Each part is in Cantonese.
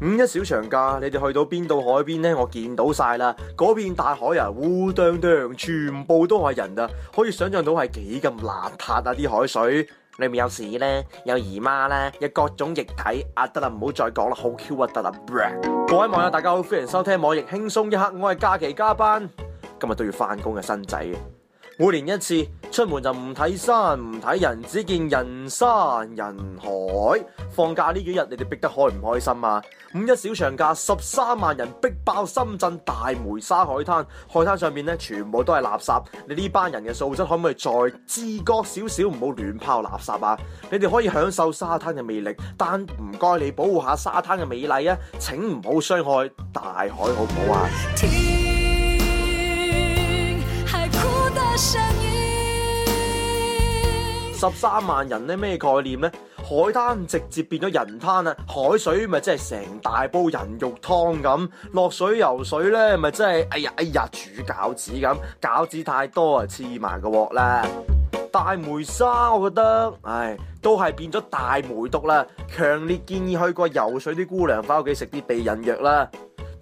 五一小長假，你哋去到邊度海邊呢？我見到晒啦，嗰片大海啊，烏當當，全部都係人啊，可以想象到係幾咁邋遢啊！啲海水裏面有屎呢？有姨媽呢？有各種液體，阿、啊、得啦，唔好再講啦，好 Q 核突啦！呃、各位網友，大家好，歡迎收聽網易輕鬆一刻，我係假期加班，今日都要翻工嘅新仔。每年一次出門就唔睇山唔睇人，只見人山人海。放假呢幾日你哋逼得開唔開心啊？五一小長假十三萬人逼爆深圳大梅沙海灘，海灘上面呢，全部都係垃圾。你呢班人嘅素質可唔可以再自覺少少，唔好亂拋垃圾啊？你哋可以享受沙灘嘅魅力，但唔該你保護下沙灘嘅美麗啊！請唔好傷害大海，好唔好啊？十三萬人咧咩概念呢？海灘直接變咗人灘啊！海水咪真係成大煲人肉湯咁，落水游水呢咪真係哎呀哎呀煮餃子咁，餃子太多啊，黐埋個鑊啦！大梅沙我覺得，唉，都係變咗大梅毒啦！強烈建議去過游水啲姑娘翻屋企食啲避孕藥啦！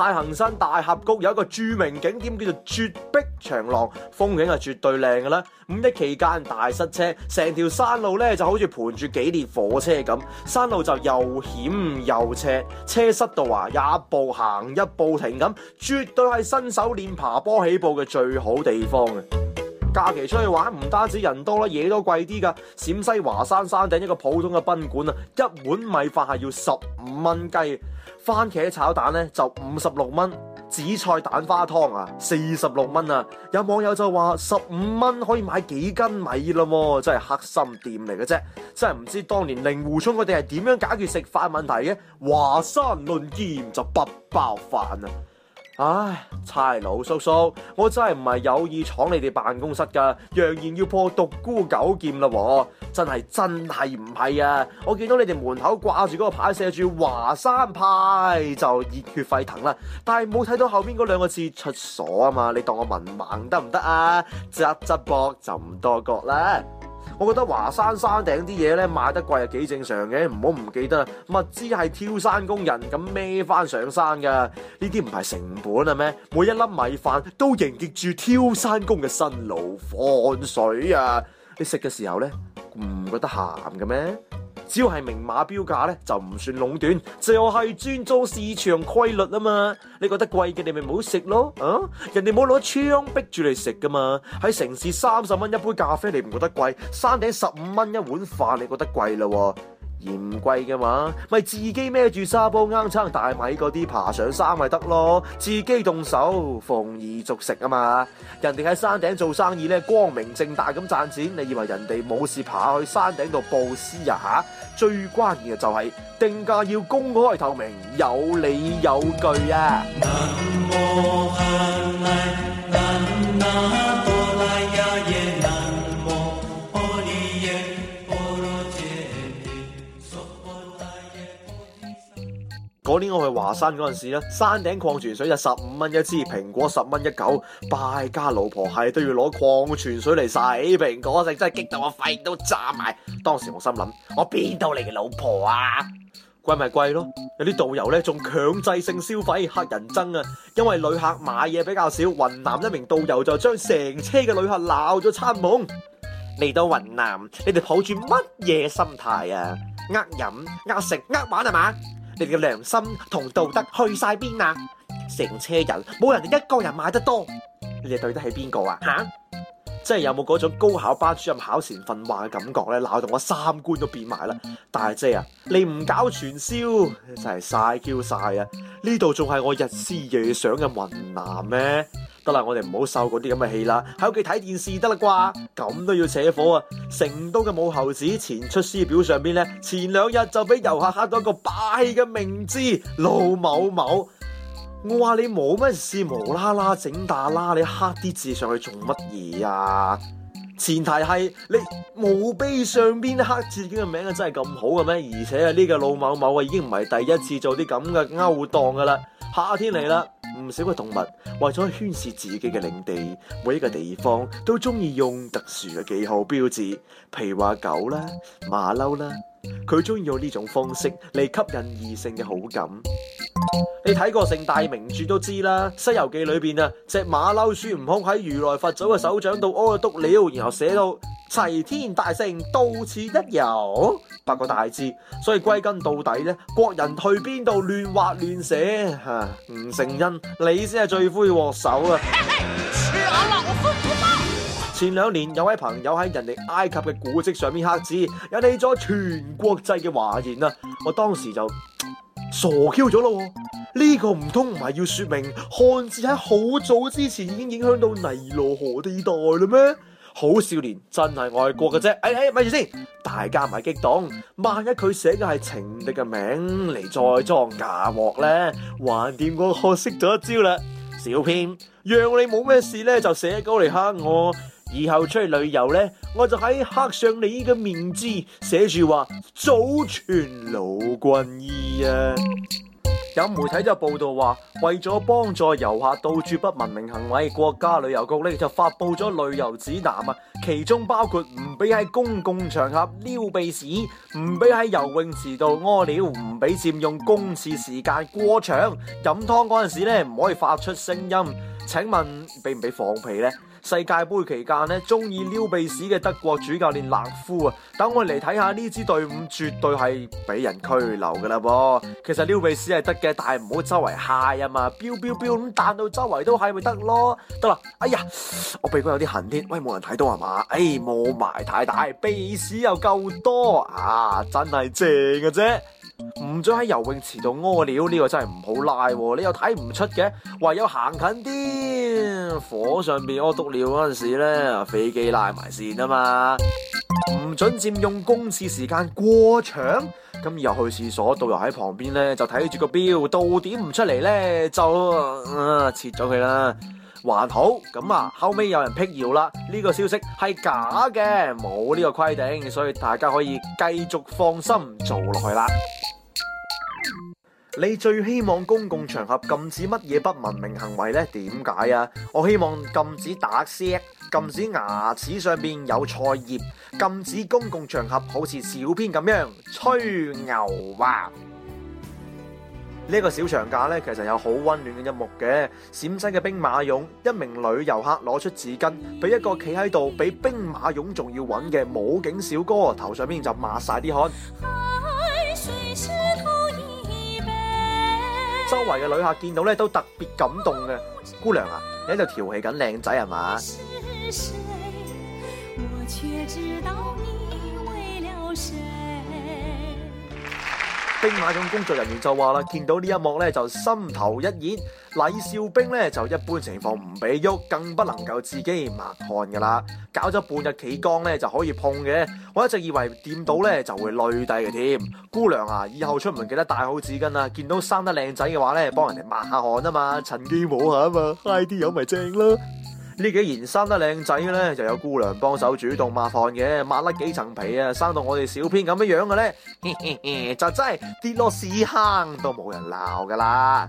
太行山大峽谷有一個著名景點叫做絕壁長廊，風景係絕對靚嘅啦。五一期間大塞車，成條山路咧就好似盤住幾列火車咁，山路就又險又斜，車塞到啊，一步行一步停咁，絕對係新手練爬坡起步嘅最好地方嘅。假期出去玩唔單止人多啦，嘢都貴啲噶。陝西華山山頂一個普通嘅賓館啊，一碗米飯係要十五蚊雞，番茄炒蛋咧就五十六蚊，紫菜蛋花湯啊四十六蚊啊。有網友就話十五蚊可以買幾斤米啦喎，真係黑心店嚟嘅啫，真係唔知當年令狐沖佢哋係點樣解決食飯問題嘅。華山論劍就不包飯啊！唉，差佬叔叔，我真係唔係有意闖你哋辦公室噶，揚言要破獨孤九劍啦，真係真係唔係啊！我見到你哋門口掛住嗰個牌，寫住華山派，就熱血沸騰啦。但係冇睇到後邊嗰兩個字，出所啊嘛，你當我文盲得唔得啊？側側膊就唔多覺啦。我覺得華山山頂啲嘢咧賣得貴係幾正常嘅，唔好唔記得啦。物資係挑山工人咁孭返上山㗎，呢啲唔係成本啊咩？每一粒米飯都凝結住挑山工嘅辛勞汗水啊！你食嘅時候咧，唔覺得鹹嘅咩？只要係明碼標價咧，就唔算壟斷，就係尊重市場規律啊嘛！你覺得貴嘅，你咪唔好食咯，啊！人哋冇攞槍逼住你食噶嘛！喺城市三十蚊一杯咖啡，你唔覺得貴？山頂十五蚊一碗飯，你覺得貴啦？嫌貴嘅話，咪、就是、自己孭住沙煲，啱餐大米嗰啲爬上山咪得咯，自己動手，豐衣足食啊嘛！人哋喺山頂做生意咧，光明正大咁賺錢，你以為人哋冇事爬去山頂度布施啊？吓！最關鍵嘅就係定價要公開透明，有理有據啊！ 嗰年我去華山嗰陣時啦，山頂礦泉水就十五蚊一支，蘋果十蚊一九，敗家老婆係都要攞礦泉水嚟洗蘋果，剩真係激到我肺都炸埋。當時我心諗，我邊度嚟嘅老婆啊？貴咪貴咯，有啲導遊呢仲強制性消費，吓人憎啊！因為旅客買嘢比較少，雲南一名導遊就將成車嘅旅客鬧咗餐懵。嚟到雲南，你哋抱住乜嘢心態啊？呃飲、呃食、呃玩係嘛？你嘅良心同道德去晒邊啊？成車人冇人哋一個人買得多，你哋對得起邊個啊？吓、啊？即係有冇嗰種高考班主任考前訓話嘅感覺咧？鬧到我三觀都變埋啦！大姐啊，你唔搞傳銷就係晒嬌晒啊！呢度仲係我日思夜想嘅雲南咩？得啦，我哋唔好受嗰啲咁嘅氣啦，喺屋企睇電視得啦啩，咁都要扯火啊！成都嘅武侯祠前出師表上邊咧，前兩日就俾遊客刻咗個霸氣嘅名字老某某，我話你冇乜事，無啦啦整大啦，你刻啲字上去做乜嘢啊？前提係你墓碑上邊刻自己嘅名啊，真係咁好嘅咩？而且啊，呢個老某某啊已經唔係第一次做啲咁嘅勾當㗎喇。夏天嚟啦，唔少嘅動物為咗宣示自己嘅領地，每一個地方都鍾意用特殊嘅記號標誌，譬如話狗啦、馬騮啦。佢中意用呢種方式嚟吸引異性嘅好感。你睇過《四大名著》都知啦，《西遊記》裏邊啊，隻馬騮孫悟空喺如來佛祖嘅手掌度屙咗篤尿，然後寫到齊天大聖到此一遊八個大字。所以歸根到底呢，國人去邊度亂畫亂寫吓、啊，吳承恩你先係罪魁禍首啊！ 前兩年有位朋友喺人哋埃及嘅古蹟上面刻字，引起咗全國際嘅嘩然啊，我當時就傻 Q 咗啦，呢、這個唔通唔係要說明漢字喺好早之前已經影響到尼羅河地帶啦咩？好少年真係愛國嘅啫。哎、欸、哎，咪住先，大家唔係激動。萬一佢寫嘅係情敵嘅名嚟再裝假鑊咧，還掂我學識咗一招啦。小編，讓你冇咩事咧，就寫稿嚟吓我。以後出去旅遊呢，我就喺刻上你嘅個名字，寫住，話祖傳老軍醫啊！有媒體就報道話，為咗幫助遊客杜絕不文明行為，國家旅遊局呢就發佈咗旅遊指南啊，其中包括唔俾喺公共場合撩鼻屎，唔俾喺游泳池度屙尿，唔俾佔用公廁時間過長，飲湯嗰陣時呢唔可以發出聲音。請問俾唔俾放屁呢？世界杯期間呢，中意撩鼻屎嘅德國主教練勒夫啊，等我嚟睇下呢支隊伍絕對係俾人拘留噶啦噃。其實撩鼻屎係得嘅，但係唔好周圍嗨啊嘛，飆飆飆咁彈到周圍都揩咪得咯。得啦，哎呀，我鼻哥有啲痕添，喂冇人睇到係嘛？誒、哎，霧霾太大，鼻屎又夠多啊，真係正嘅、啊、啫。唔准喺游泳池度屙尿，呢、這個真係唔好拉、啊。你又睇唔出嘅，唯有行近啲。火上邊屙篤尿嗰陣時咧，飛機賴埋線啊嘛。唔准佔用公廁時間過長，咁又去廁所，導遊喺旁邊咧就睇住個表，到點唔出嚟咧就、呃、切咗佢啦，還好咁啊。後尾有人闢謠啦，呢、這個消息係假嘅，冇呢個規定，所以大家可以繼續放心做落去啦。你最希望公共場合禁止乜嘢不文明行為呢？點解啊？我希望禁止打嗝，禁止牙齒上邊有菜葉，禁止公共場合好似小編咁樣吹牛話。呢個小長假呢，其實有好溫暖嘅一幕嘅，陝西嘅兵馬俑，一名女遊客攞出紙巾，俾一個企喺度比兵馬俑仲要穩嘅武警小哥，頭上面就抹晒啲汗。哎周圍嘅旅客見到咧都特別感動嘅，姑娘啊，你喺度調戲緊靚仔係嘛？我卻知道你。兵馬俑工作人員就話啦，見到呢一幕呢，就心頭一熱。李少兵呢，就一般情況唔俾喐，更不能夠自己抹汗噶啦。搞咗半日企崗呢，就可以碰嘅，我一直以為掂到呢，就會累低嘅添。姑娘啊，以後出門記得帶好紙巾啊！見到生得靚仔嘅話呢，幫人哋抹下汗啊嘛，趁機摸下啊嘛，揩啲油咪正啦。呢幾年生得靚仔咧，就有姑娘幫手主動抹汗嘅，抹甩幾層皮啊，生到我哋小編咁樣樣嘅咧，嘿嘿嘿，就真係跌落屎坑都冇人鬧㗎喇！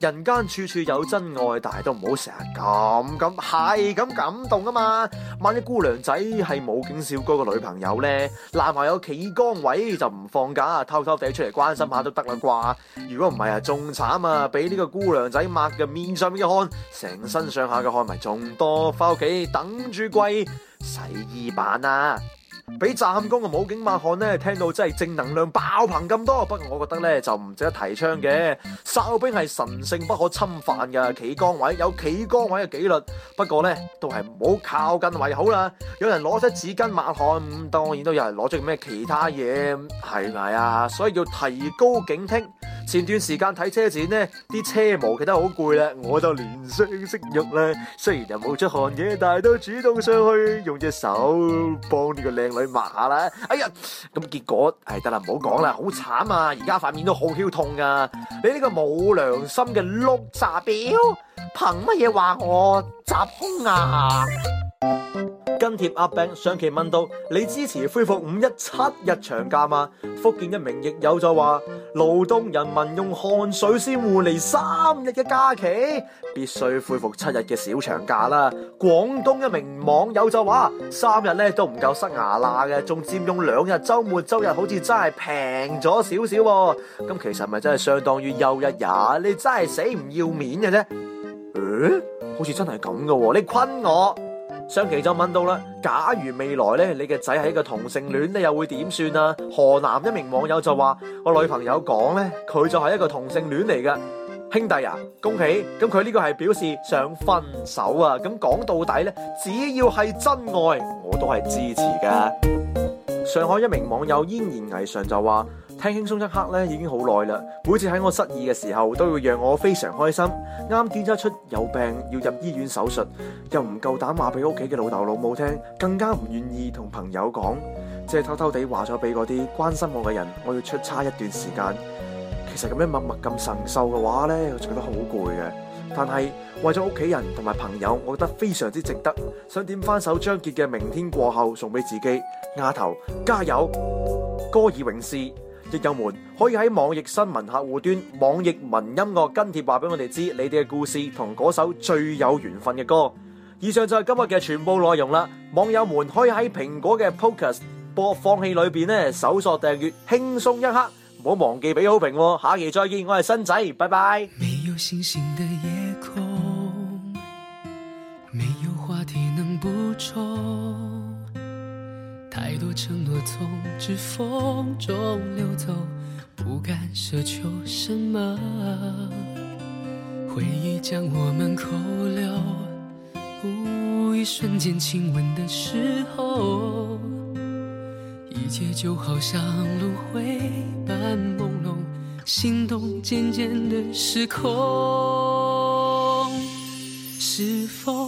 人間處處有真愛，但係都唔好成日咁咁係咁感動啊嘛！萬一姑娘仔係武警小哥嘅女朋友呢，哪怕有企崗位就唔放假，偷偷哋出嚟關心下都得啦啩！如果唔係啊，仲慘啊，俾呢個姑娘仔抹嘅面上嘅汗，成身上下嘅汗咪仲多，翻屋企等住跪洗衣板啊！俾站崗嘅武警抹汗咧，聽到真係正能量爆棚咁多。不過我覺得咧就唔值得提倡嘅，哨兵係神聖不可侵犯嘅，企崗位有企崗位嘅紀律。不過咧都係唔好靠近為好啦。有人攞出紙巾抹汗，當然都有人攞出咩其他嘢，係咪啊？所以要提高警惕。前段時間睇車展，呢啲車模其實好攰啦，我就憐香惜玉咧，雖然又冇出汗嘢，但係都主動上去用隻手幫呢個靚女抹下啦。哎呀，咁結果係得啦，唔好講啦，好慘啊！而家塊面都好痠痛啊！你呢個冇良心嘅碌渣表，憑乜嘢話我襲胸啊？跟帖阿餅上期問到，你支持恢復五一七日長假嗎？福建一名亦有就話，勞動人民用汗水先換嚟三日嘅假期，必須恢復七日嘅小長假啦。廣東一名網友就話，三日咧都唔夠塞牙罅嘅，仲佔用兩日周末周日，週週日好似真係平咗少少喎。咁其實咪真係相當於又一日，你真係死唔要面嘅啫。誒、欸，好似真係咁噶，你昆我？上期就問到啦，假如未來咧你嘅仔係一個同性戀，你又會點算啊？河南一名網友就話：我女朋友講咧，佢就係一個同性戀嚟嘅，兄弟啊，恭喜！咁佢呢個係表示想分手啊！咁講到底咧，只要係真愛，我都係支持嘅。上海一名網友嫣然霓裳就話。聽輕鬆一刻咧，已經好耐啦。每次喺我失意嘅時候，都會讓我非常開心。啱見得出有病要入醫院手術，又唔夠膽話俾屋企嘅老豆老母聽，更加唔願意同朋友講，只係偷偷地話咗俾嗰啲關心我嘅人。我要出差一段時間，其實咁樣默默咁承受嘅話呢，我覺得好攰嘅。但係為咗屋企人同埋朋友，我覺得非常之值得。想點翻首張杰嘅《明天過後》送俾自己，丫頭加油，歌以詠志。益友們可以喺網易新聞客戶端、網易雲音樂跟帖話俾我哋知你哋嘅故事同嗰首最有緣分嘅歌。以上就係今日嘅全部內容啦。網友們可以喺蘋果嘅 Podcast 播放器裏邊咧搜索訂閱，輕鬆一刻。唔好忘記俾好評喎。下期再見，我係新仔，拜拜。太多承諾從指縫中流走，不敢奢求什麼。回憶將我們扣留，無一瞬間親吻的時候，一切就好像輪迴般朦朧，心動漸漸的失控。是否？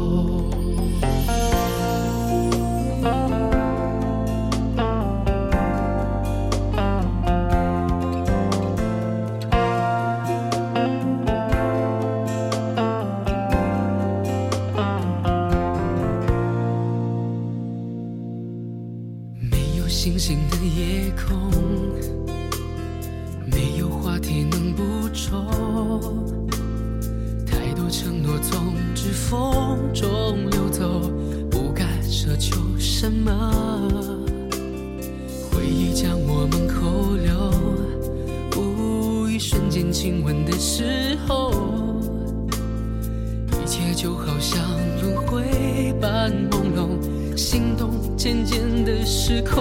我從指縫中溜走，不敢奢求什麼。回憶將我們扣留，唔，一瞬間親吻的時候，一切就好像輪回般朦朧，心動漸漸的失控。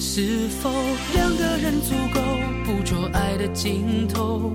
是否兩個人足夠捕捉愛的盡頭？